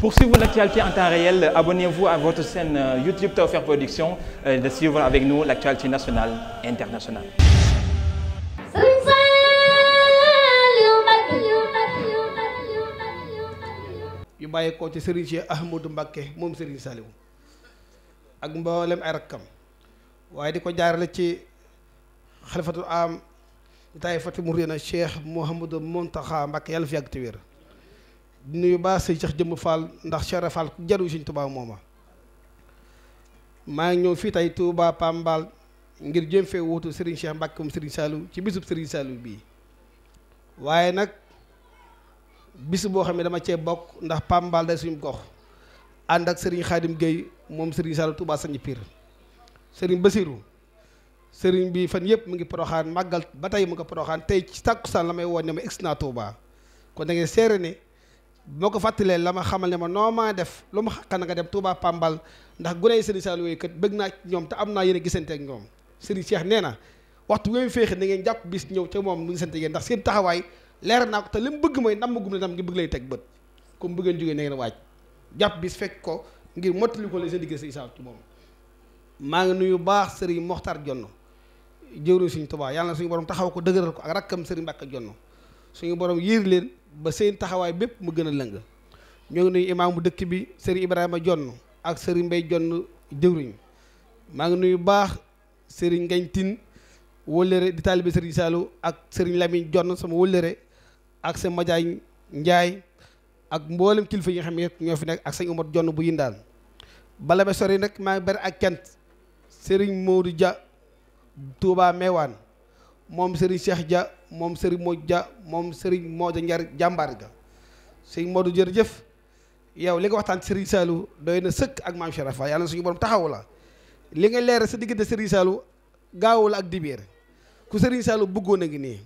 Pour suivre l'actualité en temps réel, abonnez-vous à votre chaîne euh, YouTube Tawfekh Production et euh, de suivre avec nous l'actualité nationale internationale. yu bàyyi ko ci Serigne Cheikh Ahmadou Mbacké moom Serigne Saliou ak mboolem ay rakkam waaye di ko jaarale ci xalifatul am taifatu murina Cheikh Mouhamadou Mountakha Mbacké yàlla fi yàgg te di nuyu baax sëñ Cheikh Jëmb Fall ndax Cheikh Fall jaru sëñ Tuubaa mooma maa ngi ñëw fii tey Touba Pambal ngir jëm fee wuutu Serigne Cheikh Mbacke moom Serigne Saliou ci bisub Serigne Saliou bii waaye nag bis boo xam ne dama cee bokk ndax Pambal day suñu gox ànd ak Serigne Khadim Gueye moom Serigne Saliou Touba sañ piir Serigne Basirou sëriñ bi fan yëpp mu ngi poroxaan màggal ba tey mu ngi poroxaan tey ci tàkkusaan la may woon ne ma egsi naa Touba kon da ngeen seere ne. boo ko fàttalee la ma xamal ne ma noo maa def lu ma xàqa na nga dem Touba Pambal ndax guney Serigne Saliou yooyu kat bëgg naa ñoom te am naa yéen a gisante ak ñoom Serigne seex nee na waxtu wooyu féexi na ngeen jàpp bis ñëw ca moom nu gisante yéen ndax seen taxawaay leer naa ko te mu bëgg mooy nam gum ne tam ngi bëgg lay teg bët comme waaj jàpp bis fekk ko ngir mottali ko la seen digg Serigne Saliou moom maa ngi nuyu baax Serigne Mokhtar Jonn jëwriñ Serigne Touba yàlla na suñu borom taxaw ko dëgëral ko ak rakkam Serigne ak Jonn suñu boroom yiir leen ba seen taxawaay bépp mu gën a lëng ñoo ngi nuyu imaamu dëkk bi sëriñ Ibrahima Jonn ak sëriñ Mbay Jonn jëwriñ maa ngi nuyu baax sëriñ Ngañ Tin wëllëre di taalibe sëriñ Saalu ak sëriñ Lamin Jonn sama wëllëre ak sa Majaañ Njaay ak mboolem kilifa yi nga xam ne ñoo fi nekk ak sëñ Umar Jonn bu yindaan bala ba sori nag maa ngi bari ak cant sëriñ moodu Dia Touba Mewane moom Serigne Cheikh Dia moom Serigne Modou Dia moom Serigne Modou Njar jàmbaar ga Serigne jër jëf yow li nga waxtaan Serigne Saliou doy na sëkk ak maam Charafa yàlla na suñu borom taxaw la li nga leeral sa diggante Serigne Saliou gaawu la ak dibiir ku Serigne Saliou bëggoon a ngi nii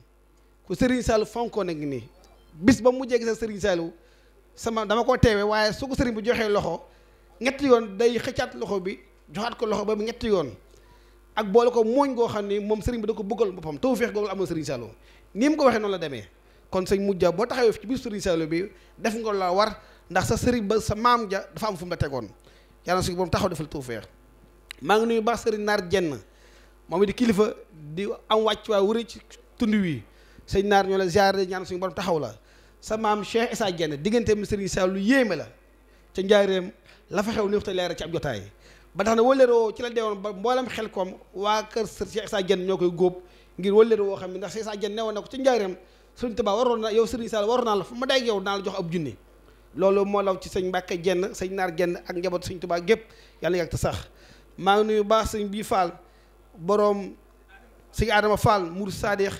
ku Serigne Saliou fonkoon a ngi nii bis ba mu jéggi sa Serigne Saliou sama dama ko teewe waaye su ko Serigne bi joxee loxo ñetti yoon day xëccaat loxo bi joxaat ko loxo ba mu ñetti yoon. ak boole ko mooñ goo xam ni moom sëriñ bi da ko bëggal boppam tawfeex googu amoon sëriñ Saliou ni mu ko waxee noonu la demee kon sëñ mujja boo taxawee ci biir sëriñ Saliou bi def nga la war ndax sa sëriñ ba sa maam ja dafa am fu mu la tegoon yàlla suñu borom taxaw defal tawfeex maa ngi nuyu baax sëriñ naar jenn moom di kilifa di am wàcc waa wëree ci tund wi sëñ naar ñoo la ziare ñaan suñu taxaw la sa maam Cheikh Issa Dieng diggante mi sëriñ Saliou lu yéeme la ca njaareem la fa xew ni waxta leera ci ab jotaay ba tax na wëllëroo ci la deewoon ba mboolem xel koom waa kër sër Cheikh Issa Diène ñoo koy góob ngir wëllëroo woo xam ne ndax sa Issa Diène newoon na ko ci njaareem Sëriñ Tuubaa na yow Sëriñ Sall waroon naa la ma day yow naa la ab junni loolu moo law ci sëñ Mbàkke Jenn sëñ Naar genn ak njaboot Sëriñ Tuubaa gépp yàlla yàgg te sax maa ngi nuyu baax sëñ bii Fall boroom sëñ Adama Fall mu Sadikh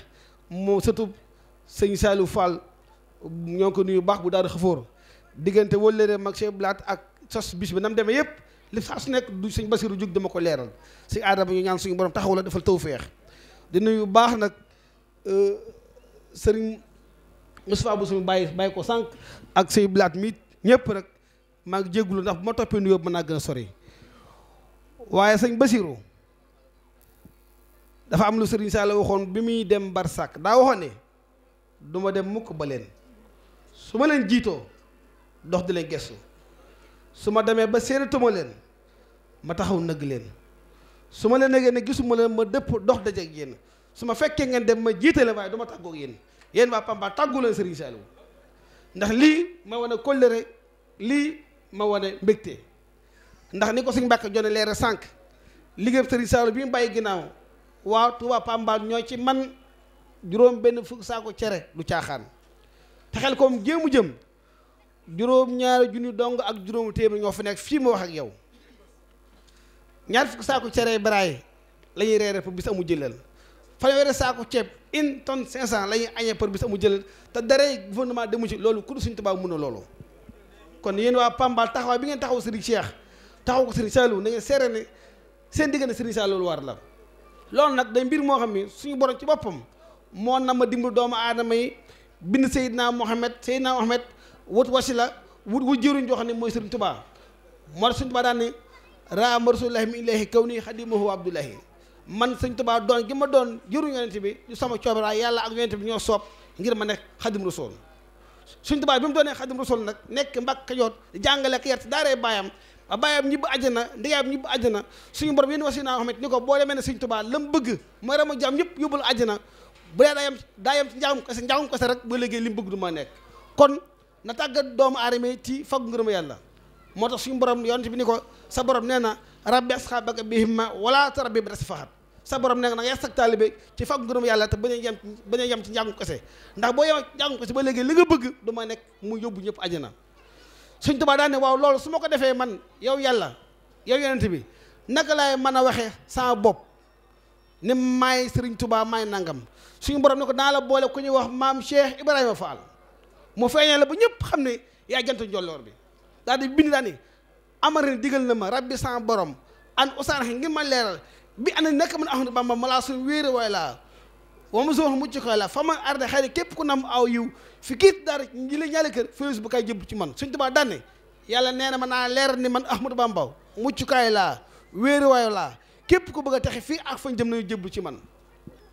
moo sëtub sëñ saalu Fall ñoo ngi ko nuyu baax bu daal xëfóor diggante wëllëre mag Cheikh Blaat ak sos bis bi nam demee yëpp li saa su nekk du sëñ Basiru jóg dama ko leeral si aadama ñu ñaan suñu borom taxaw la defal feex di nuyu baax nag euh, sëriñ Moustapha bu suñu bàyyi bàyyi ko sànq ak say blaat miit ñëpp nag maa ngi ndax bu ma toppee nuyoo mën naa gën a sori waaye sëñ Basiru dafa am lu sëriñ la waxoon bi muy dem Barsak daa waxoon ne du ma dem mukk ba leen su ma leen jiitoo dox di leen gestu su ma demee ba séenatuma leen ma taxaw nëgg leen su ma leen nëggee ne gisuma leen ma dëpp dox dajeeg yéen su ma fekkee ngeen dem ma jiitale waaye du ma tàggoog yéen yéen waa Pamba tàggu leen Serigne ndax lii ma wane kóllëre lii ma wane mbégte ndax ni ko suñ mbàkk jone leere sànq liggéey Serigne Saliou bi mu bàyyi ginnaaw waa Touba Pamba ñooy ci man juróom benn fukk saako cere du caaxaan te xel koom jéemu jëm juróom-ñaari junni dong ak juróomu téeméer ñoo fi nekk fii ma wax ak yow ñaar fukki saako cere baraay la ñuy reere pour bis amu jëlal fanweeri saako ceeb une tonne cinq cent la ñuy añee pour bis amu jëlal te dara gouvernement demu ci loolu ku dul Sëriñ Tuubaa mën na loolu kon yéen waa Pambal taxawaay bi ngeen taxaw Sëriñ Cheikh taxaw ko Sëriñ Saliou na ngeen seere ne seen diggante Sëriñ Saliou loolu war la loolu nag day mbir moo xam ne suñu borom ci boppam moo na ma dimbali doomu aadama yi bind Seydina Mohamed Seydina Mohamed wut wasila wut wut jëriñ joo xam ne mooy sëriñ tubaa moo tax sëriñ tubaa daan ni raama rasulullahi min ilahi kaw nii xadimahu abdullahi man sëriñ tubaa doon gi ma doon jëriñ yonente bi ñu sama coobara yàlla ak yonente bi ñoo soob ngir ma nekk xadim rasul sëriñ tubaa bi mu doonee xadim rasul nag nekk mbàkk kajoor jàngale ak yar ci daaree baayam a bàyyam ñibbu àjjana ndeyam ñibbu àjjana suñu borom yéen wasi naa xamante ni ko boo demee ne sëriñ tubaa la bëgg mooy rama jaam ñëpp yóbbul àjjana bu dee daa daa yem ci njàngum kese rek ba léegi li mu bëgg du nekk na tàggat doomu aadama ci fag ngërëmu yàlla moo tax suñu borom yonent bi ni ko sa borom nee na rabbi asxaabaka bihimma wala tarabbi bi tasfahat sa borom nee na nga yas ci fag ngërëmu yàlla te bañ a yem bañ a ci njàngum kese ndax boo yem njàngum si ba léegi li nga bëgg du ma nekk mu yóbbu ñëpp àjjana suñ tubaa daan ne waaw loolu su ma ko defee man yow yàlla yow yonent bi naka lay mën a waxee sama bopp ni may sëriñ tubaa maay nangam suñu borom ne ko naa la boole ku ñuy wax maam Cheikh Ibrahima Fall mu feeñee la ba ñëpp xam ne yaa jantu njolloor bi daal bi bind daal ni amari digal na ma rabbi sans borom an usaan ngir ma leeral bi ana naka man ahmadu bamba ma laa suñ wéere waay laa wa ma soon mucc koy la fa man arde képp ku nam aw yiw fi kiit daar ngi la ñaale kër fayus bu kay jëbb ci man suñ tubaa danne yàlla nee na ma naa leeral ni man ahmadu bamba mucc kaay laa wéere waay laa képp ku bëgg a texe fii ak fañ jëm nañu jëbb ci man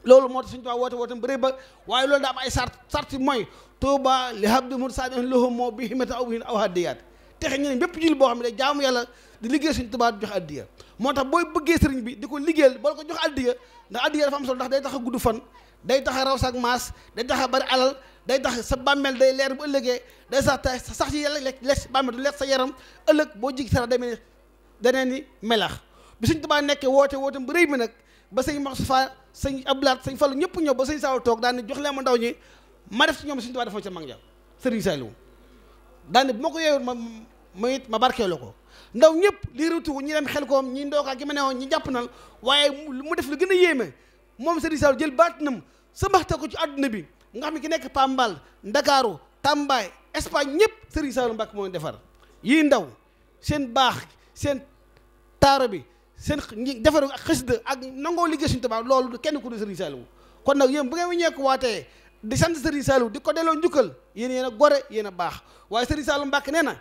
loolu moo tax suñu Tuubaa woote wootam bëri ba waaye loolu daa am ay sart sart mooy Tuubaa li habdi mun sadin lohum moo bi himata aw hin aw haddiyaat texe ñeneen bépp jil boo xam ne day jaamu yàlla di liggéey suñu Tuubaa di joxe addiya moo tax booy bëggee sëriñ bi di ko liggéeyal boo ko joxe addiya ndax a dafa am solo ndax day tax a gudd fan day tax a raw sax maas day tax a bari alal day tax sa bàmmeel day leer bu ëllëgee day sax ta sax ci yàlla lekk bàmmeel du lekk sa yaram ëllëg boo jig sara demee danee ni melax bi suñ Tuubaa nekkee woote wootam bu rëy bi ba sëñ Moustapha sañ Abdoulaat sëñ Fallu ñëpp ñëw ba sëñ Saaw toog daal ne jox leen ma ndaw ñi ma def ci ñoom suñu Tuubaa dafa ca mag ja sëriñ Saliou daal ne ko yeewoon ma ma it ma barkeeloo ko ndaw ñëpp lii rutu ñi xel koom ñi ndookaa gi ma ne woon ñi jàpp nal waaye mu def lu gën a yéeme moom sëriñ Saliou jël baatinam sëmbaxte ko ci àdduna bi nga xam ne ki nekk Pambal Ndakaaru Tambaay Espagne ñëpp sëriñ Saliou Mbàkke moo defar yii ndaw seen baax seen taaro bi seen defaru ak xasida ak nangoo liggéey suñu tubaab loolu kenn ku du Serigne Saliou kon nag yéen bu ngeen ñeeku waatee di sant Serigne Saliou di ko delloo njukkal yéen yéen a gore yéen a baax waaye Serigne Saliou Mbacke nee na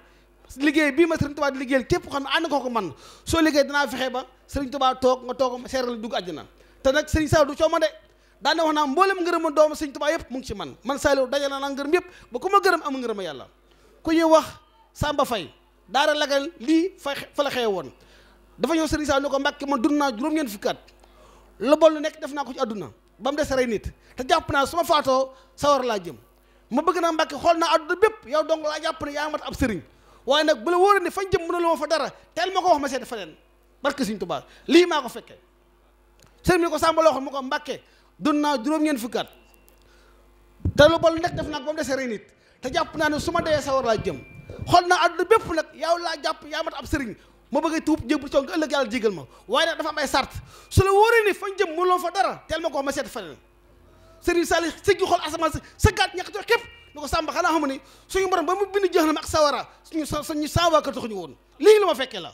liggéey bii ma Serigne Touba di liggéeyal képp xam ne ànd ko ko man soo liggéey dinaa fexe ba Serigne Touba toog ma toog seeral dugg na te nag Serigne Saliou du coomo de daane wax naa mboolem ngërëma doomu Serigne Touba yëpp mu ngi ci man man Saliou dajal naa ngërëm yëpp ba ku ma gërëm am ngërëma yàlla ku ñuy wax Samba Faye daara lagal lii fa fa la xewoon dafa ñëw sëriñ saa ne ko Mbàkke man dund naa juróom-ñeent fukki at lu bon def naa ko ci àdduna ba mu des te jàpp naa su ma sawar laa jëm ma bëgg naa Mbàkke xool naa àdduna bépp yow dong laa jàpp ne yaa mat ab sëriñ waaye nag bu ne fañ jëm mënul fa dara teel ma ko wax ma seet feneen barke lii maa ko fekkee sëriñ ko sàmba loo xam mu ko Mbàkke dund naa juróom-ñeent fukki at te lu bon lu nekk def naa ko ba mu des rey nit te jàpp naa ne su ma dee sawar laa jëm xool naa àdduna bépp nag yow laa jàpp yaa mat ab sëriñ ma bëggee a tuub jébul toog nga ëllëg yàlla jégal ma waaye nag dafa am ay sart su la wóoree ni fañ jëm mënuloo fa dara teel ma ko ma seet feneen sëriñ Saliou sëggi xool asamaan si sëggaat ñàkk jox képp lu ko sàmba xanaa xamu ni suñu borom ba mu bind jeex na ak sawara suñu suñu sawaaka taxuñu woon lii la ma fekkee la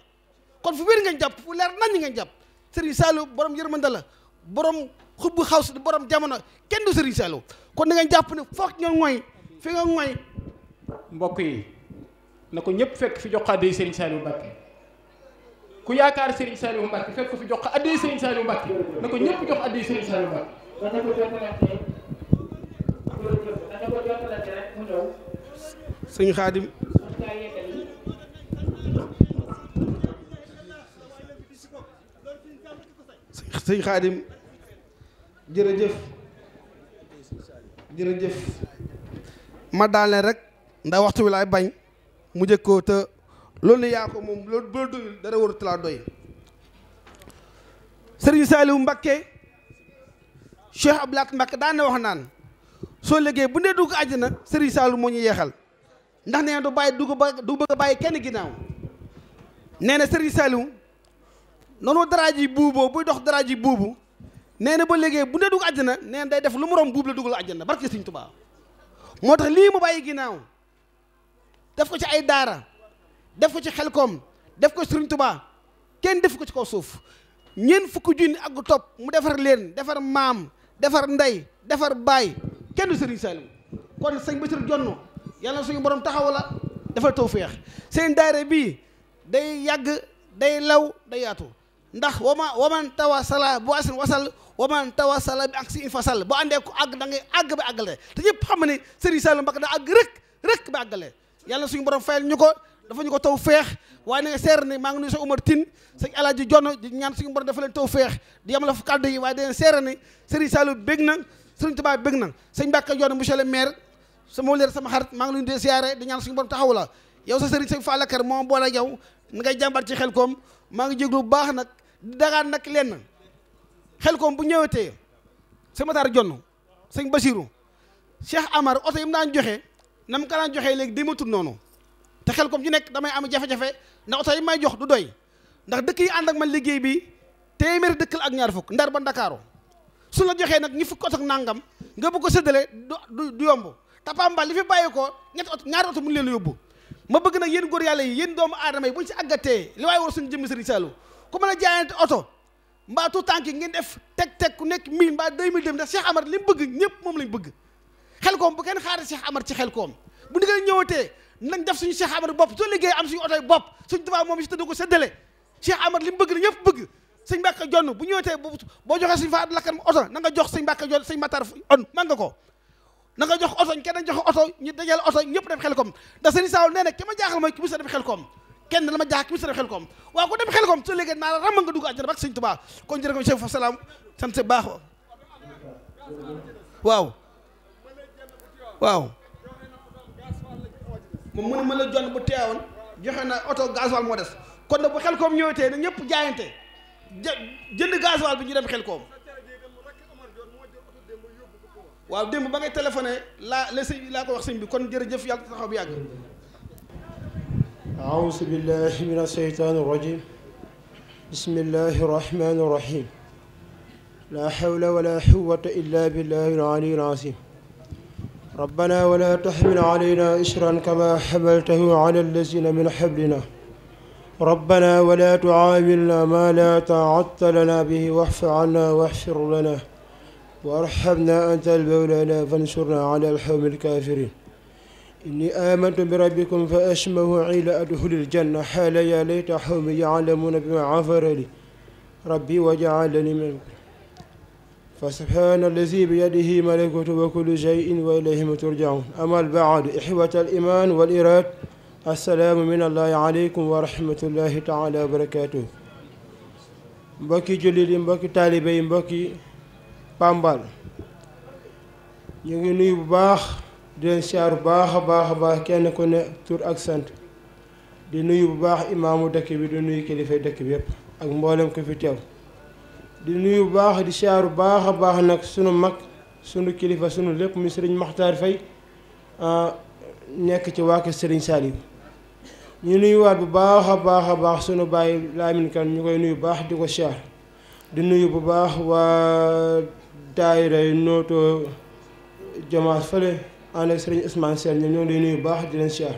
kon fu wér ngeen jàpp fu leer nañ ngeen jàpp sëriñ Saliou borom yërmande la borom xubbu xaw si borom jamono kenn du sëriñ Saliou kon jàpp ne foog nga mooy fi mbokk yi na ñëpp fekk fi jox xaadee sëriñ Saliou Mbacké ku yaakaar Serigne Saliou Mbacke fekk ko fi ko addee ko ñëpp jox sëñ sëñ Xaadim jërëjëf jërëjëf ma daale rek ndax waxtu wi laay bañ mu jëkkoo te. loolu yaa ko moom loolu bu la doyul dara warut laa doy Serigne Saliou Mbacké Cheikh Abdou na wax naan soo liggéey bu ne dugg àjjana Serigne Saliou moo ñu yeexal ndax nee du bàyyi du ba du bëgg a bàyyi kenn ginnaaw nee na Serigne Saliou noonu daraa ji buuboo buy dox daraa ji buubu nee na ba liggéey bu ne dugg àjjana nee na day def lu moroom rom buub la dugal àjjana barke Serigne Touba moo tax lii mu bàyyi ginnaaw def ko ci ay daara. def ko ci xel koom def ko Serigne Touba kenn def ko ci kaw suuf ñeent fukki junni ak gu topp mu defar leen defar maam defar ndey defar baay kenn du Serigne Saliou kon sëñ Bassirou Jonn yàlla suñu borom taxaw la dafa tawféex seen daayira bii day yàgg day law day yaatu ndax wama waman tawasala bu asin wasal waman tawasala bi ak si in fasal bu àndee ko àgg da ngay àgg ba àggale te ñëpp xam ne Serigne Saliou da àgg rek suñu borom fayal ñu ko dafa ñu ko taw feex waaye na nga seer ne maa ngi nuyu sa Umar Tine alaaj Alaaji Jonn di ñaan suñu mbor dafa leen taw feex di yam la fu kàddu yi waaye dangeen seer ne Serigne Saliou bég na Serigne Touba bég na sëñ Mbàkke Jonn monsieur le maire sama leer sama xarit maa ngi leen di siyaare di ñaan suñu borom taxaw la yow sa Serigne sëñ Fallakar moom boole yow ni ngay jàmbat ci xel koom maa ngi jéglu bu baax nag di dagaan nag lenn xel koom bu ñëwetee sëñ Matar Jonn sëñ Basiru Cheikh Amar oto yi mu daan joxe na mu ko daan joxee léegi dématul noonu te xel kom ci nekk damay am jafe-jafe ndax oto yi may jox du doy ndax dëkk yi ànd ak man liggéey bi téeméeri dëkk la ak ñaar fukk ndar ba ndakaaru su la joxee nag ñi fukk oto ak nangam nga bëgg ko séddale du du yomb tapamba li fi bàyyi ko ñetti oto ñaari oto mun leen yóbbu ma bëgg nag yéen góor yàlla yi yéen doomu aadama yi buñ si àggatee li waaye war suñu jëmmi sëriñ Saliou ku mën a jaayante oto mbaa tout tànk yi ngeen def teg teg ku nekk mille mbaa deux mille dem ndax li mu bëgg ñëpp moom lañ bëgg xel bu kenn xaar Cheikh Amar ci xel koom bu ndigal ñëwatee nañ def suñu Cheikh am suñu oto bopp suñ Tuubaa moom si tëdd ko séddale Cheikh Amar li mu bëgg la ñëpp bu ñëwee tey boo joxee suñ Fallou Lakram oto na nga jox sëñ Mbàkke jonn sëñ Matar on man ko na nga jox oto kenn joxe oto ñu dajale oto ñëpp dem xel kom ndax sëñ Saaw nee na ki ma jaaxal mooy ki mu sa dem xel kom kenn la ma jaax dem xel kom waaw ku waaw waaw moom mu ne ma la jon bu teewoon joxe na oto gasoil moo des kon nag bu xel koom ñëwee tey na ñëpp jaayante jënd gasoil bi ñu def xel koom waaw démb ba ngay téléphoné laa la sëñ bi laa ko wax sëñ bi kon jërëjëf yàlla taxaw bi yàgg أعوذ بالله من الشيطان الرجيم بسم الله الرحمن الرحيم لا حول ولا قوة إلا بالله العلي العظيم ربنا ولا تحمل علينا إسرا كما حملته على الذين من حبلنا ربنا ولا تعاملنا ما لا طاقة لنا به واعف عنا واغفر لنا وارحمنا أنت المولانا فانصرنا على القوم الكافرين إني آمنت بربكم فأسمه عيل أدخل الجنة حال يا ليت قومي يعلمون بما غفر لي ربي وجعلني منكم فسبحان الذي بيده ملكوت كل شيء وإليه ترجعون أما بعد إخوة الإيمان والإراد السلام من الله عليكم ورحمة الله تعالى وبركاته mbokki jullit yi mbokki taalibe yi mbokki Pambal ñu ngi nuyu bu baax di leen siyaar bu baax a baax a baax kenn ku ne tur ak sant di nuyu bu baax i dëkk bi di nuyu kilifay dëkk bi ak mboolem ko fi teew di nuyu baax di siyaaru baax a baax nag sunu mag sunu kilifa sunu lépp muy sëriñ maxtar Fay ah, nekk ci waa kër sëriñ Saaliw ñu waat bu baax a baax a baax sunu bàyyi Laamin Kan ñu koy nuyu baax di ko siyaar di nuyu bu baax waa daayira nootoo jamaat fële ànd ak sëriñ Ismaan Seen ñoom ñoo ngi nuyu baax di leen siyaar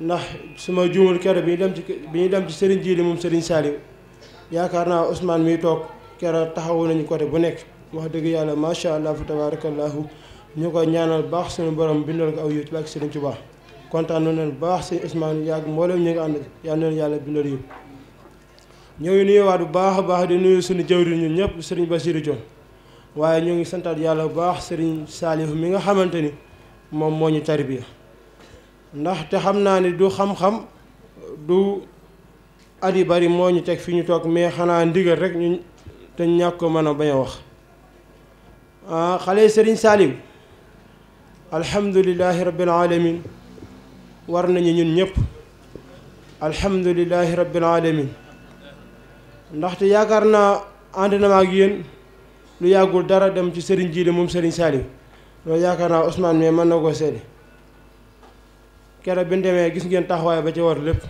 ndax su ma juumul kere bi ñu dem ci bi ñu dem ci sëriñ Jiili moom sëriñ Saaliw yaakaar naa Ousmane miy toog keroog taxawu nañu côté bu nekk wax dëgg yàlla macha allah fa tabarakallahu ñu ko ñaanal baax suñu borom bindal ko aw yiw ci bàkk Sëriñ Tuubaa kontaan nañ leen baax sëñ Ousmane yàgg mboolem ñu ngi ànd yal na leen yàlla bindal yiw ñoo ngi nuyuwaat bu baax a baax di nuyu suñu jëwriñ ñu ñëpp sëriñ Basiru Jon waaye ñoo ngi santaat yàlla bu baax sëriñ Saalihu mi nga xamante ni moom moo ñu tarbiya ndax te xam naa ni du xam-xam du at yi bari moo ñu teg fi ñu toog te ñàkk ko mën a bañ a wax ah xale sëriñ Saaliw alhamdulilahi rabbil alamin war nañu ñun ñëpp alhamdulilahi rabbil alamin ndaxte yaakaar naa ànd na ma ak lu yàggul dara dem ci sëriñ Jiili moom sëriñ Saaliw loolu yaakaar naa Ousmane mais mën na koo seede keroog bi ñu demee gis ngeen taxawaay ba ci war lépp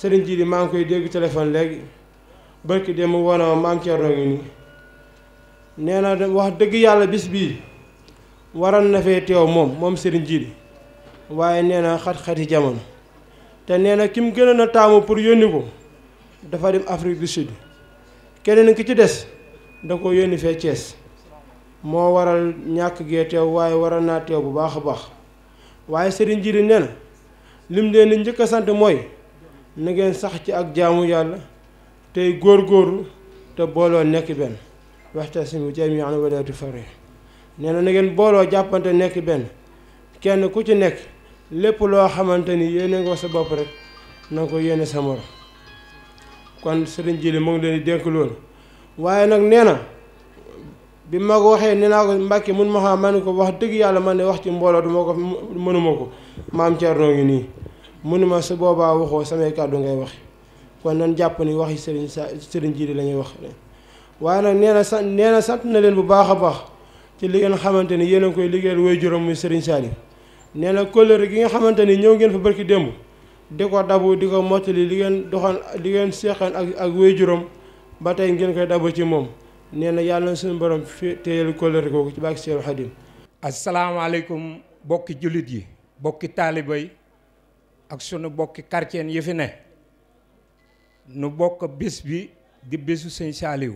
sëriñ Jiili maa ngi koy dégg téléphone léegi bërki dem woona maam Thierno ngi nii nee na wax dëgg yàlla bis bii waral na fee teew moom moom Serigne Djily waaye nee na xat-xati jamono te nee na ki mu gënoon a taamu pour yónni ko dafa dem Afrique du Sud keneen ki ci des da ko yónni fee Thiès moo waral ñàkk gee teew waaye waral naa teew bu baax a baax waaye Serigne Djily ne na lim leen njëkk a sant mooy na sax ci ak jaamu yàlla tey góorgóorlu te booloo nekk benn waxtasimu jamii'an wa laa tafarraqu nee na na ngeen booloo jàppante nekk benn kenn ku ci nekk lépp loo xamante ni yéene nga sa bopp rek na nga ko yéene sa morom kon sëriñ Jili mu ngi leen di dénk loolu waaye nag nee na bi ma waxee ne naa ko Mbàkke mun ma xam ma ne ko wax dëgg yàlla man ne wax ci mbooloo duma ko mënuma ko maam Thierno ngi nii munuma su boobaa waxoo samay kàddu ngay wax kon nan jàpp ni wax waxi sëriñ sa sëriñ jii la ñuy wax waaye nag nee na sant nee na na leen bu baax a baax ci li ngeen xamante ni yéen a ngi koy liggéeyal way juróom muy sëriñ Saali nee na kóllëre gi nga xamante ni ñëw ngeen fa barki démb di ko dabu di ko mottali li ngeen doxal li ngeen seexal ak ak way juróom ba tey ngeen koy dabu ci moom nee na yàlla suñu borom fi téyal kóllëre googu ci bàkk Seex Xaadim asalaamaaleykum bokki jullit yi bokki taaliba yi ak sunu bokki quartier yi fi ne nu bokk bés bi di bésu sëñ saaliw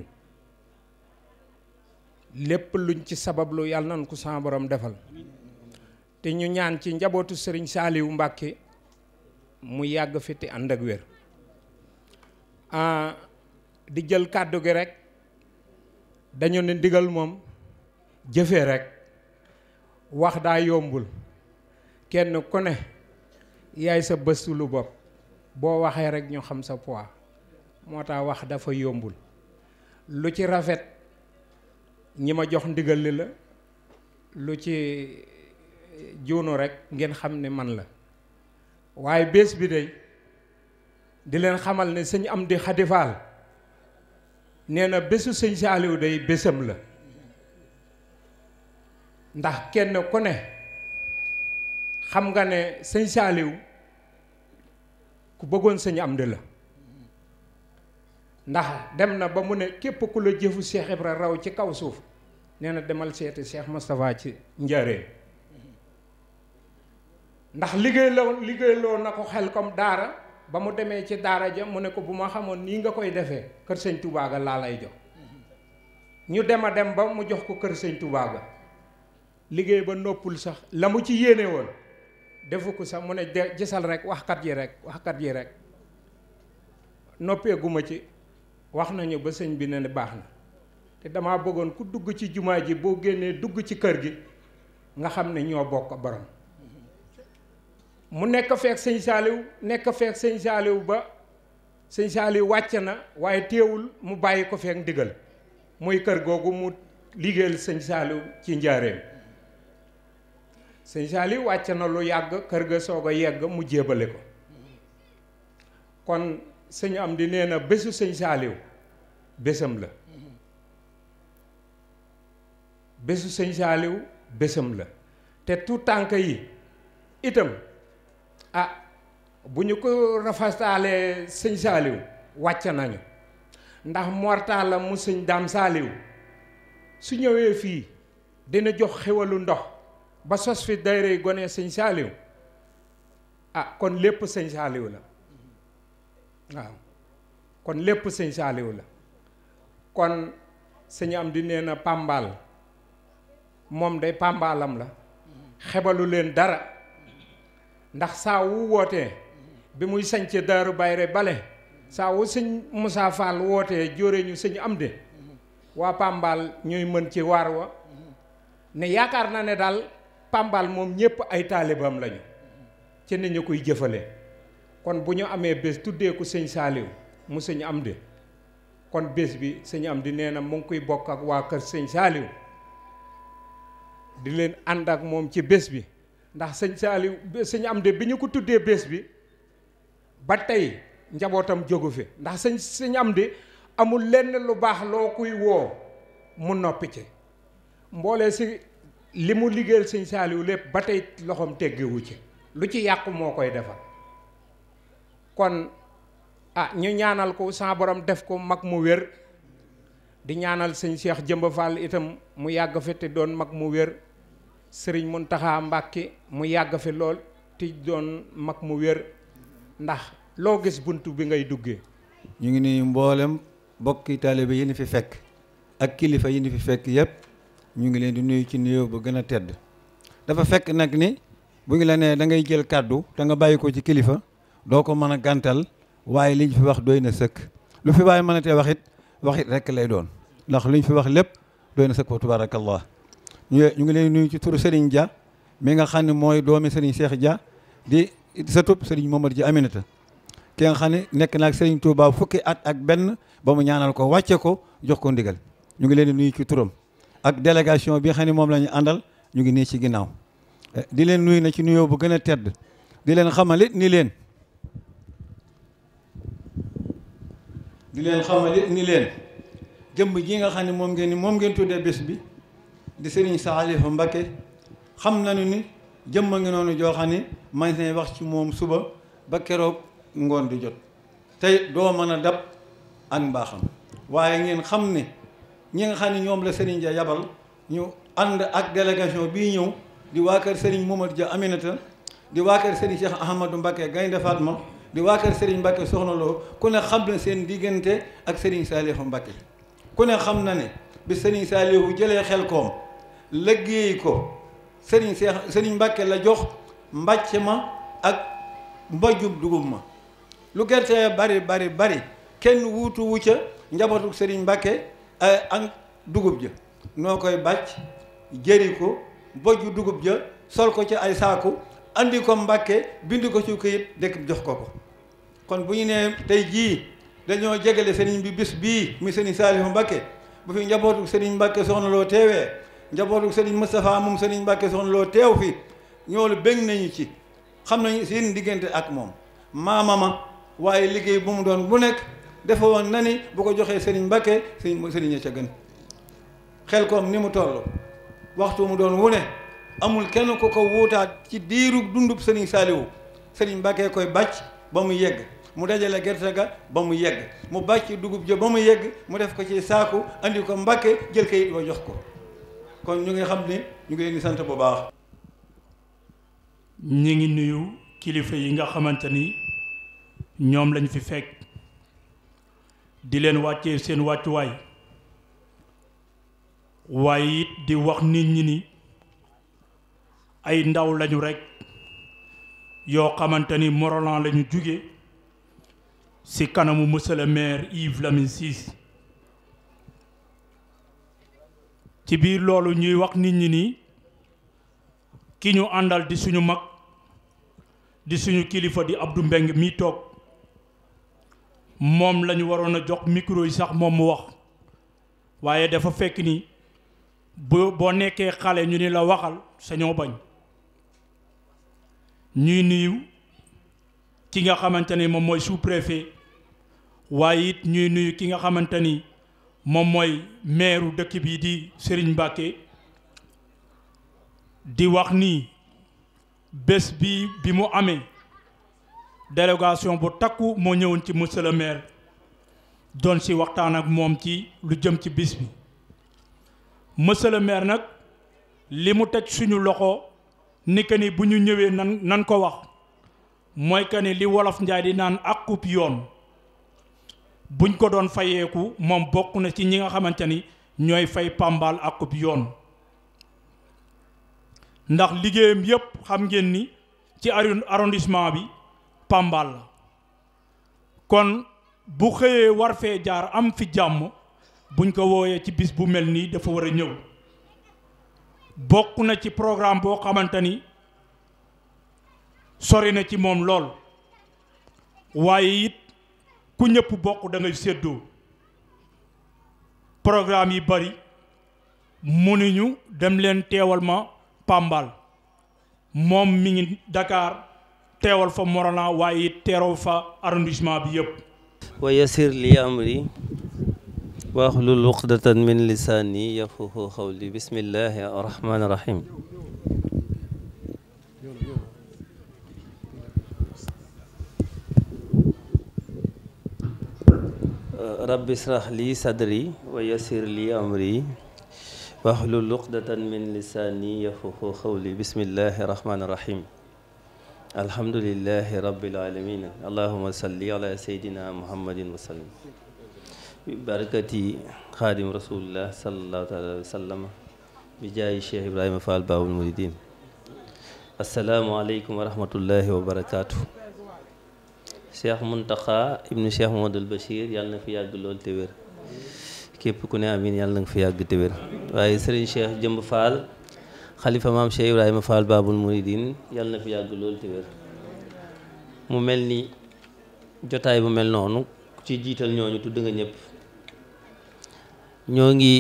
lépp luñ ci sabablu yàlla nañ ko sama defal te ñu ñaan ci njabootu sëriñ saaliw mbàkke mu yàgg fi te ànd ak wér di jël kàddu gi rekk dañu ne digal moom jëfe rekk wax daa yombul kenn ku ne yaay sa bëstu lu bopp boo waxee rek ñu xam sa pois moo tax wax dafa yombul lu ci rafet ñi ma jox ndigal li la lu ci juunu rek ngeen xam ne man la waaye bés bi day di leen xamal ne sëñ am di xadifaal nee na bésu sëñ Saaliw day bésam la ndax kenn ku ne xam nga ne sëñ Saaliw ku bëggoon sëñ am di la ndax dem na ba mu ne képp ku la jëfu Cheikh Ibra raw ci kaw suuf nee na demal seeti Cheikh Moustapha ci njaareen ndax liggéey loo liggéey loo na ko xel comme daara ba mu demee ci daara ja mu ne ko bu ma xamoon nii nga koy defee kër sëñ Touba laa lay jox ñu dem a dem ba mu jox ko kër sëñ Touba liggéey ba noppul sax la mu ci yéene woon defu ko sax mu ne gisal rek waxkat yi rek waxkat yi rekk noppeeguma ci wax nañu ba sëñ bi ne baax na te damaa bëggoon ku dugg ci jumaa ji boo génnee dugg ci kër gi nga xam ne ñoo bokk borom mu nekk feek sëñ nekk feek sëñ saaliw ba sëñ saaliw wàcc na waaye teewul mu bàyyi ko feek ndigal muy kër googu mu liggéeyal sëñ ci njaareem sëñ saaliw wàcc na lu yàgg kër ga soog a yegg mu jébale ko kon sëñ am di nee na bésu sëñ saaliw bésam la bésu sëñ saaliw bésam la te tout tànk yi itam a ah, bu ñu ko rafastaalee sëñ saaliw wàcc nañu ndax mortal la mu sëñ daam saaliw su ñëwee fii dina jox xewalu ndox ba sos fi dayrey gone sëñ saaliw a ah, kon lépp sëñ saaliw la waaw kon lépp sëñ saaliw la kon sëñ am di nee na pàmbaal moom de pàmbaalam la xebalu leen dara ndax saawu wu wootee bi muy sañce daaru bayre bale saa wu sëñ Moussa Fall wootee jóore ñu sëñ am de waa pàmbaal ñuy mën ci waar wa ne yaakaar na ne daal pàmbaal moom ñépp ay taalibaam lañu ci ni ñu koy jëfale kon bu ñu amee bés tuddee ko sëñ Saaliw mu sëñ Amdi kon bés bi sëñ di nee na mu ngi koy bokk ak waa kër sëñ Saaliw di leen ànd ak moom ci bés bi ndax sëñ Saaliw sëñ Amdi bi ñu ko tuddee bés bi ba tey njabootam jógu fi ndax sëñ sëñ amul lenn lu baax loo kuy woo mu noppi ci mboolee si li mu liggéeyal sëñ Saaliw lépp ba tey loxoom teggewu ci lu ci yàqu moo koy defar kon a ah, ñu ñaanal ko sa borom def ko mag mu wér di ñaanal sëñ Cheikh Jëmba Fall itam mu yàgg fi te doon mag mu wér sëriñ mun taxa mbàkki mu yàgg fi lool te doon mag mu wér ndax loo gis bunt bi ngay duggee ñu ngi nuyu mboolem bokki taalibe yi ni fi fekk ak kilifa yi ni fi fekk yëpp ñu ngi leen di nuyu ci nuyoo ba gën a tedd dafa fekk nag ni bu ngi la nee da ngay jël kàddu da nga bàyyi ko ci kilifa doo ko mën a gàntal waaye liñ fi wax doy na sëkk lu fi waaye mën a tee wax it wax it rek lay doon ndax liñ fi wax lépp doy na sëkk wa tabarakallah ñu ngi leen nuyu ci turu Serigne Dia mi nga xam mooy doomi Serigne Cheikh Dia di satub Serigne Momar Dia Aminata ki nga xam ne nekk naag Serigne Touba fukki at ak benn ba mu ñaanal ko wàcce ko jox ko ndigal ñu ngi leen di ci turam ak délégation bii nga xam ne moom la ñu àndal ñu ngi nii ci ginnaaw eh, di leen nuyu na ci nuyoo bu gën a tedd di leen xamalit ni leen di leen xamal it ni leen jëmm jii nga xam ne moom ngeen ni moom ngeen tuddee bés bi di Serigne Saalihu Mbakke xam nañu ni jëm a ngi noonu joo xam ne man wax ci moom suba ba keroog ngoon di jot tey doo mën a dab ak mbaaxam waaye ngeen xam ni ñi nga xam ne ñoom la Serigne ja yabal ñu ànd ak délégation bii ñëw di waa kër Serigne Momadou Dia Aminata di waa kër Serigne Cheikh Ahmadou Mbakke Gaynde Fatma di waa kër Serigne Mbacke soxna loo ku ne xam na seen diggante ak Serigne Saliou Mbacke ku ne xam na ne bi Serigne Saliou jëlee xel koom liggéey ko Serigne Cheikh Serigne Mbacke la jox mbàcc ma ak mbajjub dugub ma lu gerte bari bari bari kenn wuutu wu ca njabootu Serigne Mbacke eh, ak dugub ja noo koy bàcc jëri ko bojju dugub ja sol ko ci ay saaku andi ko Mbàkke bind ko ci këyit dëkk jox ko ko kon bu ñu nee tey jii dañoo jegale sëriñ bi bis bii muy sëriñ Saalihu Mbakke bu fi njabootu sëriñ Mbakke soxna loo teewee njabootu sëriñ Moustapha moom sëriñ Mbakke soxna loo teew fi ñoolu bég nañu ci xam nañu seen diggante ak moom maamama waaye liggéey bu mu doon bu nekk defe woon na ni bu ko joxee sëriñ Mbakke sëriñ sëriñ ca gën xel koom ni mu toll waxtu mu doon wune amul kenn ku ko wuutaat ci diiru dundub sëriñ Saalihu sëriñ Mbakke koy bàcc ba mu yegg mu dajale gerte ga ba mu yegg mu bàcc dugub ja ba mu yegg mu def ko ci saaku andi ko mbàkke jël kayit ba jox ko kon ñu ngi xam ne ñu ngi leen sant bu baax. ñu ngi nuyu kilifa yi nga xamante ni ñoom lañ fi fekk di leen wàccee seen wàccuwaay waaye it di wax nit ñi ni ay ndaw lañu rekk yoo xamante ni Morolan lañu jóge ci kanamu monsieur le maire Yves Lamine Cissé ci biir loolu ñuy wax nit ñi nii ki ñu àndal di suñu mag di suñu kilifa di Abdou Mbeng mi toog moom lañu waroon a jox micro yi sax moom mu wax waaye dafa fekk ni bu boo nekkee xale ñu ni la waxal sañoo bañ ñuy nuyu ki nga xamante ne moom mooy sous waaye it ñuy nuyu ki nga xamante ni moom mooy meeru dëkk bi di sëriñ Mbacke di wax ni bés bi bi mu amee délégation bu takku moo ñëwoon ci monsieur le doon si waxtaan ak moom ci lu jëm ci bis bi monsieur le nag li mu teg suñu loxo ni que ni bu ñu ñëwee nan nan ko wax mooy que ni li wolof njaay di naan ak kub yoon. buñ ko doon fayeeku moom bokk na ci ñi nga xamante ni ñooy fay pàmbaal àqub yoon ndax liggéeyam yépp xam ngeen ni ci arrondissement bi pàmbaal la kon bu xëyee war fee jaar am fi jàmm buñ ko wooyee ci bis bu mel nii dafa war a ñëw bokk na ci programme boo xamante ni sori na ci moom lool waaye it ku ñëpp bokk da ngay séddoo programme yi bari munuñu dem leen teewal ma Pambal moom mi ngi Dakar teewal fa Morolan waaye it fa arrondissement bi yëpp. wa yasir li amri waaxlul uqdatan min lisaani yafqahu qawli bismillahi arrahmani rahim rabbi israh li sadri wa yassir li amri wahlul uqdatan min lisaani yafqahu qawli bismillahi rahmaani rahim alhamdulillahi rabbil alamin allahumma salli ala sayyidina muhammadin wa sallim bi barakati xaadim rasulillah sallallahu taala wa sallam bi jaayi cheikh ibrahima fall baabul muridin assalaamu aleykum wa rahmatullahi wa barakaatuh cheikh muntaxa ibnu cheikh modul bachir yàlla na fi yàgg lool te képp ku ne amin yàlla na fi yàgg te waaye sëriñ cheikh jëmb faal xalifa maam cheikh ibrahima faal baabul muridin yàlla na fi yàgg lool te mu mel ni jotaay bu mel noonu ci jiital ñooñu tudd nga ñëpp ñoo ngi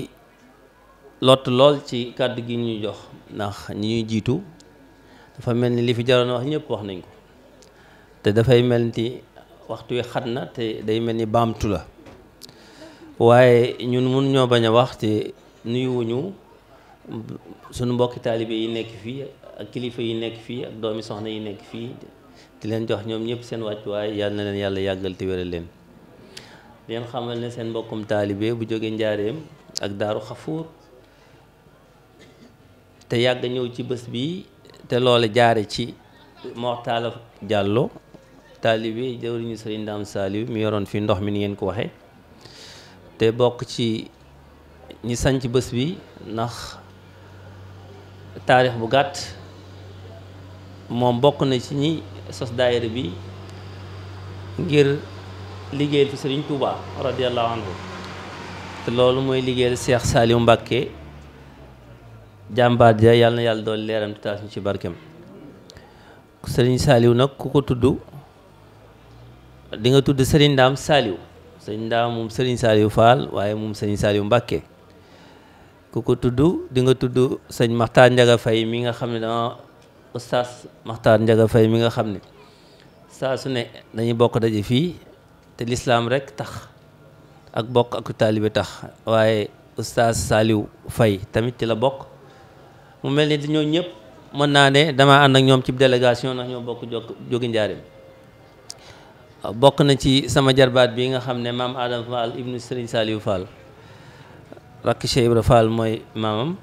lott lool ci kàddu gi ñu jox ndax ñi ñuy jiitu dafa mel ni li fi jaroon wax ñëpp wax nañ ko te dafay mel waxtu wi xat na te day mel ni baamtu la waaye ñun mun ñoo bañ a wax te nuyuwuñu suñu mbokki taalibe yi nekk fii ak kilifa yi nekk fii ak doomi soxna yi nekk fii di leen jox ñoom ñëpp seen wàccuwaay yal na leen yàlla yàggal te wéral leen xamal ne seen mbokkum taalibe bu jógee njaareem ak daaru xafuur te yàgg ñëw ci bés bi te loole jaare ci Mortalla jàlloo taalibe jawriñu sëriñ Ndaam Saaliw mu yoroon fi ndox mi ni ngeen ko waxe te bokk ci ñi sanc bés bi ndax taarix bu gàtt moom bokk na ci ñi sos daayira bi ngir liggéeyal fi sëriñ Touba radiyallahu anhu te loolu mooy liggéeyal Seex Saaliw Mbàkke jàmbaat ja yàlla na yàlla doon leeram te taas ñu ci barkem sëriñ Saaliw nag ku ko tudd dinga tudd Serigne Ndaam Saliou Serigne Ndaam moom Serigne Saliou waaye moom Serigne Saliou Mbacke ku ko tudd di nga tudd sëñ Maxtaar Njaga Fay mi nga xam ne dama oustaz Maxtaar Njaga Fay mi nga xam ne saa su ne dañuy bokk daje fii te lislaam rek tax ak bokk ak taalibe tax waaye oustaz Saliou Fay tamit ci la bokk mu mel ni dañoo ñëpp mën naa ne damaa ànd ak ñoom ci délégation ndax ñoo bokk jokk jógi bokk na ci sama jarbaat bi nga xam ne maam Adam Fall ibnu Serigne Saliou Fall rakk Cheikh Ibra mooy maamam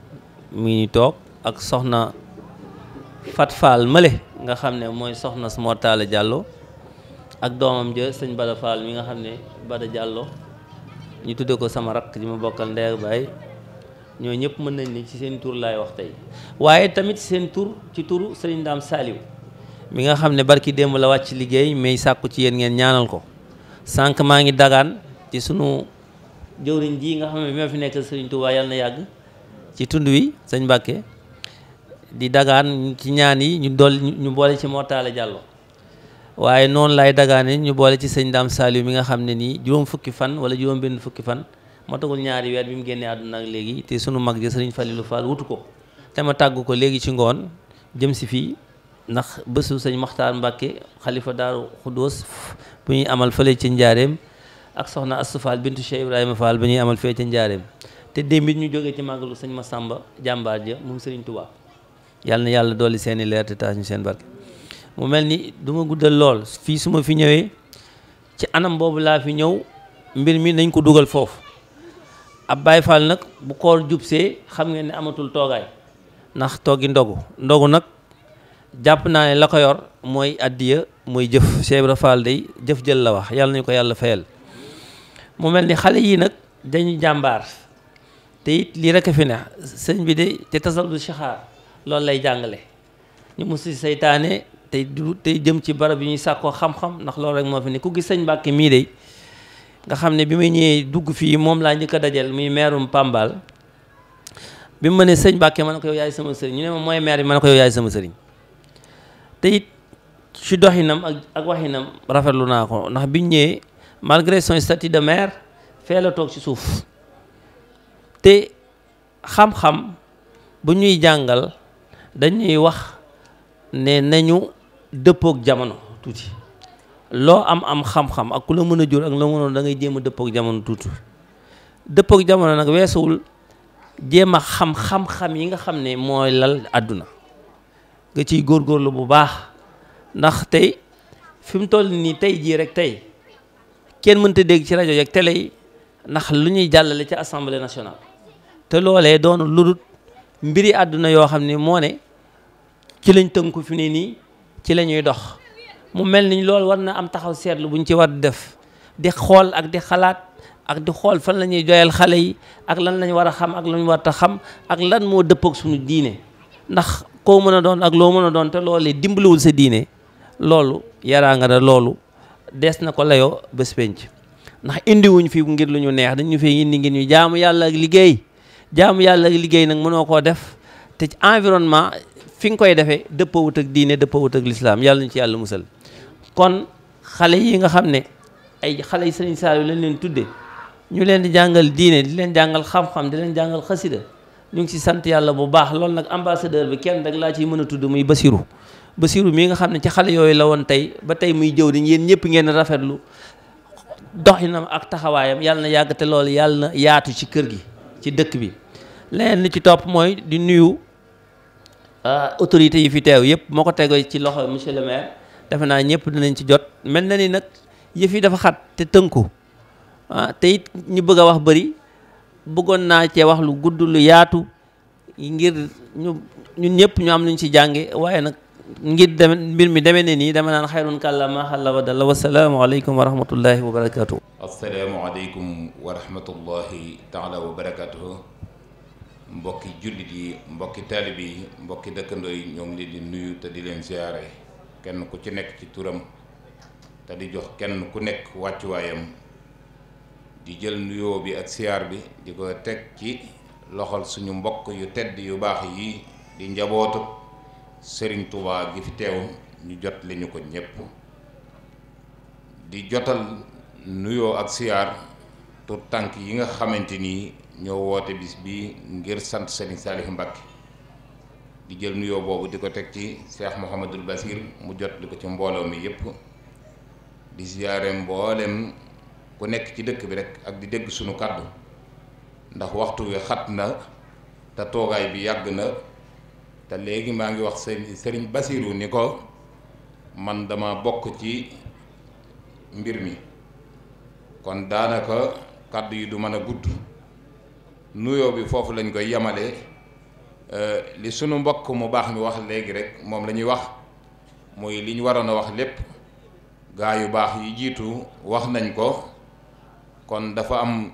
mu ngi toog ak soxna Fat Fall Male nga xam ne mooy soxna Mor jàlloo Diallo ak doomam ja sëñ Bada Fall mi nga xam ne Bada jàlloo ñu tudde ko sama rakk ji ma bokkal ndey ak baay ñoo ñëpp mën nañ ni ci seen tur laay wax tey waaye tamit seen tur ci turu Serigne Dame Saliou mi nga xam ne barki démb la wàcc liggéey may sàkku ci yéen ngeen ñaanal ko sànq maa ngi dagaan ci suñu jëwriñ ji nga xam ne bi ma fi nekk sëriñ Touba yàlla na yàgg ci tund wi sëñ Mbàkke di dagaan ci ñaan yi ñu dool ñu boole ci Mortale Diallo waaye noonu laay dagaane ñu boole ci sëñ Dame Saliou mi nga xam ne nii juróom fukki fan wala juróom benn fukki fan matagul ñaari weer bi mu génnee àdduna ak léegi te sunu mag ji sëriñ Falilou Fall wutu ko te ma tàgg ko léegi ci ngoon jëm si fii ndax bésu sëñ Maxtaar Mbàkke xalifa daaru Xuddoos bu ñuy amal fële ci njaareem ak soxna Astou Fall bintu Cheikh Ibrahima Fall bu ñuy amal fële ci njaareem te démb ñu jógee ci màggalu sëñ Masamba jàmbaar ja moom sëriñ Tuubaa na yàlla dolli seen i leer seen barke mu mel ni duma guddal lool fii suma fi ñëwee ci anam boobu laa fi ñëw mbir mi nañ ko dugal foofu ab Baay Faal nag bu koor jubsee xam nga ne amatul toogaay ndax toogi ndogu ndogu nag jàpp naa ne la ko yor mooy addiya mooy jëf Cheikh Ibra Fall jëf jël la wax yàlla nañu ko yàlla fayal mu mel ni xale yii nag dañu jàmbaar te it lii rek a fi ne sëñ bi de te tasawudu saxaar loolu lay jàngale ñu mus seytaane saytaane tey du tey jëm ci barab yi ñuy sàkkoo xam-xam ndax loolu rek moo fi ne ku gis sëñ Mbàkke mii de nga xam ne bi may ñëwee dugg fii moom laa njëkk a dajal muy meerum Pambal bi ma ne sëñ Mbàkke ma ne ko yow yaay sama sëriñ ñu ne te it ci doxinam ak ak waxinam rafetlu naa ko ndax biñ ñëwee malgré son de maire fee la toog ci suuf te xam-xam bu ñuy jàngal dañuy wax ne nañu dëppook jamono tuuti loo am am xam-xam ak ku la mën a jur ak la mënoon da ngay jéem a dëppook jamono tuuti dëppook jamono nag weesuwul jéem a xam xam-xam yi nga xam ne mooy lal àdduna nga ciy góorgóorlu bu baax ndax tey fi mu toll nii tey jii rek tey kenn mënta dégg ci rajo yeeg tele yi ndax lu ñuy jàllale ca assemblée nationale te loolee doonu ludut mbiri àdduna yoo xam ne moo ne ci lañ tënku fi nii nii ci la ñuy dox mu mel ni lool war na am taxaw seetlu buñ ci war di def di xool ak di xalaat ak di xool fan la ñuy joyal xale yi ak lan lañ war a xam ak lañ war xam ak lan moo dëpp ak suñu diine ndax koo mën a doon ak loo mën a doon te loolee dimbaliwul sa diine loolu yaraa nga ne loolu des na ko layoo bés penc ndax indiwuñ fi ngir lu ñu neex dañu fi indi ngir ñu jaamu yàlla ak liggéey jaamu yàlla ak liggéey nag mënoo koo def te ci environnement fi nga koy defee dëppawut ak diine dëppawut ak lislaam yàlla ñu ci yàlla musal kon xale yi nga xam ne ay xale yi sëriñ Saliou lañ leen tudde ñu leen di jàngal diine di leen jàngal xam-xam di leen jàngal ñu ngi ci sant yàlla bu baax loolu nag ambassadeur bi kenn rek laa ciy mën tudd muy Basiru Basiru mi nga xam ne ci xale yooyu la woon tey ba tey muy jëw di yéen ñëpp ngeen rafetlu doxinam ak taxawaayam yàlla na yàgg te loolu yàlla na yaatu ci kër gi ci dëkk bi leneen li ci topp mooy di nuyu ah, autorités yi fi teew yëpp moo ko tege ci loxo monsieur le maire defe naa ñëpp dinañ ci jot mel na ni nag yëf yi dafa xat te tënku ah ñu bëgg a wax bëri bëggoon naa cee wax lu gudd lu yaatu ngir ñu ñun ñëpp ñu am luñ ci jànge waaye nag ngir deme mbir mi demee ne nii dama naan xayrun kàlla maa xalla wa dalla wa salaamu aleykum wa rahmatullahi wa wa taala wa barakaatu. mbokki jullit yi mbokki taalib yi mbokki dëkkandoo yi ñoo ngi leen di nuyu te di leen ziare kenn ku ci nekk ci turam te di jox kenn ku nekk wàccuwaayam. di jël nuyo bi ak siyaar bi di ko teg ci loxol suñu mbokk yu tedd yu baax yi di njabootu sëriñ Touba gi fi teew ñu jot li ñu ko ñépp di jotal nuyo ak siyaar tur tànk yi nga xamante ni ñoo woote bis bi ngir sant Serigne Saliou Mbacké di jël nuyoo boobu di ko teg ci Cheikh Mouhamadul Basir mu jot li ko ci mbooloo mi yépp di siyaare mboolem ku nekk ci dëkk bi rek ak di dégg sunu kàddu ndax waxtu wi xat na te toogaay bi yàgg na te léegi maa ngi wax sëriñ sëriñ Basiru ni ko man dama bokk ci mbir mi kon daanaka kàddu yi du mën a gudd nuyo bi foofu lañu koy yemale euh, li sunu mbokk mu baax mi wax léegi rek moom la ñuy wax muy li ñu waroon a wax lépp gaa yu baax yi jiitu wax nañ ko kon dafa am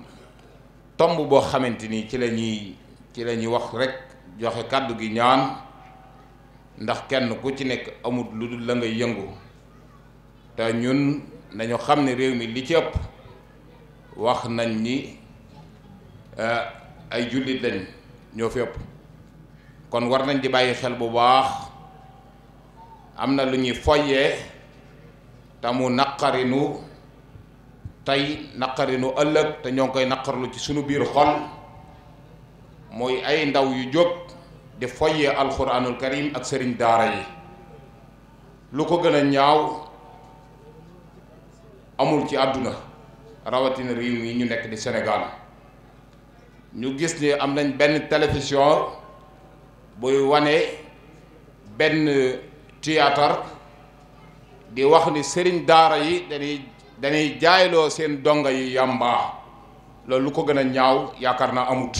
tomb boo xamante ni ci la ñuy ci la ñuy wax rekk joxe kàddu gi ñaan ndax kenn ku ci nekk amut lu dul la ngay yëngu te ñun nañu xam ne réew mi li ci ëpp wax nañ ni euh, ay jullit lañ ñoo fi ëpp kon war nañ di bàyyi xel bu baax am na lu ñuy foyee te mu naqarinu tey naqari nu ëllëg te ñoo ngi koy naqarlu ci sunu biir xol mooy ay ndaw yu jóg di foyee alxuraanul karim ak sëriñ daara yi lu ko gën a ñaaw amul ci àdduna rawatina réew yi ñu nekk di senegal ñu gis ni am nañ benn télévision buy wane benn théâtre di wax ni sëriñ daara yi dañuy dañuy jaayloo seen dongo yi yàmbaa loolu lu ko gën a ñaaw yaakaar naa amut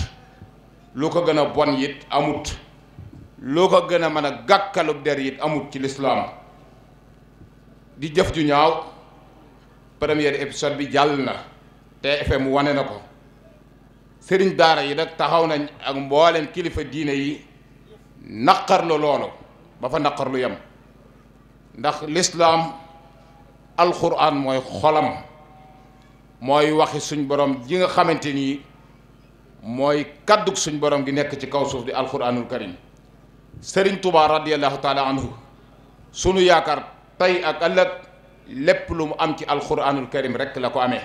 lu ko gën a bon it amut lu ko gën a mën a gàkkalub der it amut ci lislaam di jëf ju ñaaw premier épisode bi jàll na TFM wane na ko sëriñ daara yi nag taxaw nañ ak mboolem kilifa diine yi naqarlu loolu ba fa naqarlu yem ndax lislaam alxuraan mooy xolam mooy waxi suñ borom ji nga xamante ni mooy kàddug suñ borom gi nekk ci kaw suuf di alxuraanul karim sëriñ Tuubaa radiyallahu taala anhu sunu yaakaar tey ak ëllëg lépp lu mu am ci alxuraanul karim rek la ko amee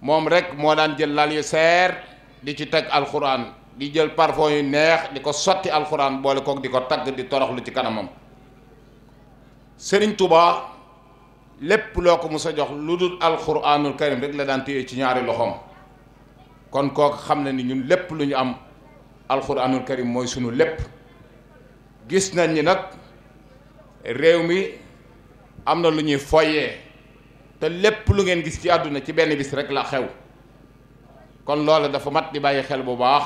moom rek moo daan jël lal yu seer di ci teg alxuraan di jël parfum yu neex di ko sotti alxuraan boole kook di ko tagg di toroxlu ci kanamam sëriñ Tuubaa lépp loo ko mos a jox lu dul alxuraanul karim rek la daan téye ci ñaari loxoom kon kooku xam na ni ñun lépp lu ñu am alxuraanul karim mooy sunu lépp gis nañ ni nag réew mi am na lu ñuy foyee te lépp lu ngeen gis ci àdduna ci benn bis rek la xew kon loole dafa mat di bàyyi xel bu baax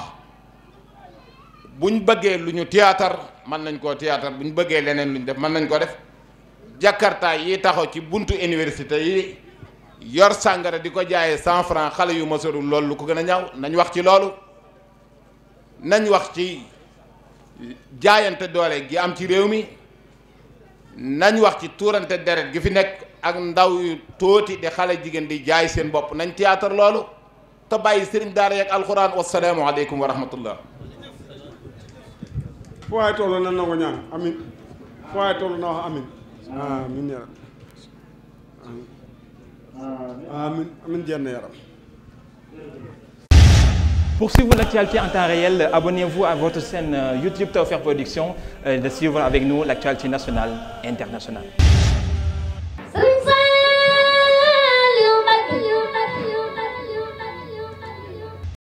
bu buñ bëggee lu ñu théâtre mën nañ koo bu ñu bëggee leneen lu ñu def mën nañ koo def jakarta yi taxaw ci buntu université yi yor sàngara di ko jaaye cent franc xale yu ma sorul loolu lu ko gën a ñaaw nañ wax ci loolu nañ wax ci jaayante doole gi am ci réew mi nañ wax ci tuurante deret gi fi nekk ak ndaw yu tóoti di xale jigéen di jaay seen bopp nañ théâtre loolu te bàyyi sëriñ daara yeeg alxuraan wasalaamu aleykum wa rahmatullah fu waaye toll na nangu ñaan amin fu waaye toll na wax amin Ah, amin ya rabbi ah, amin amin jenn yaram Pour suivre l'actualité en temps réel, abonnez-vous à votre chaîne euh, YouTube Tawfekh Production euh, de suivre avec nous l'actualité nationale internationale.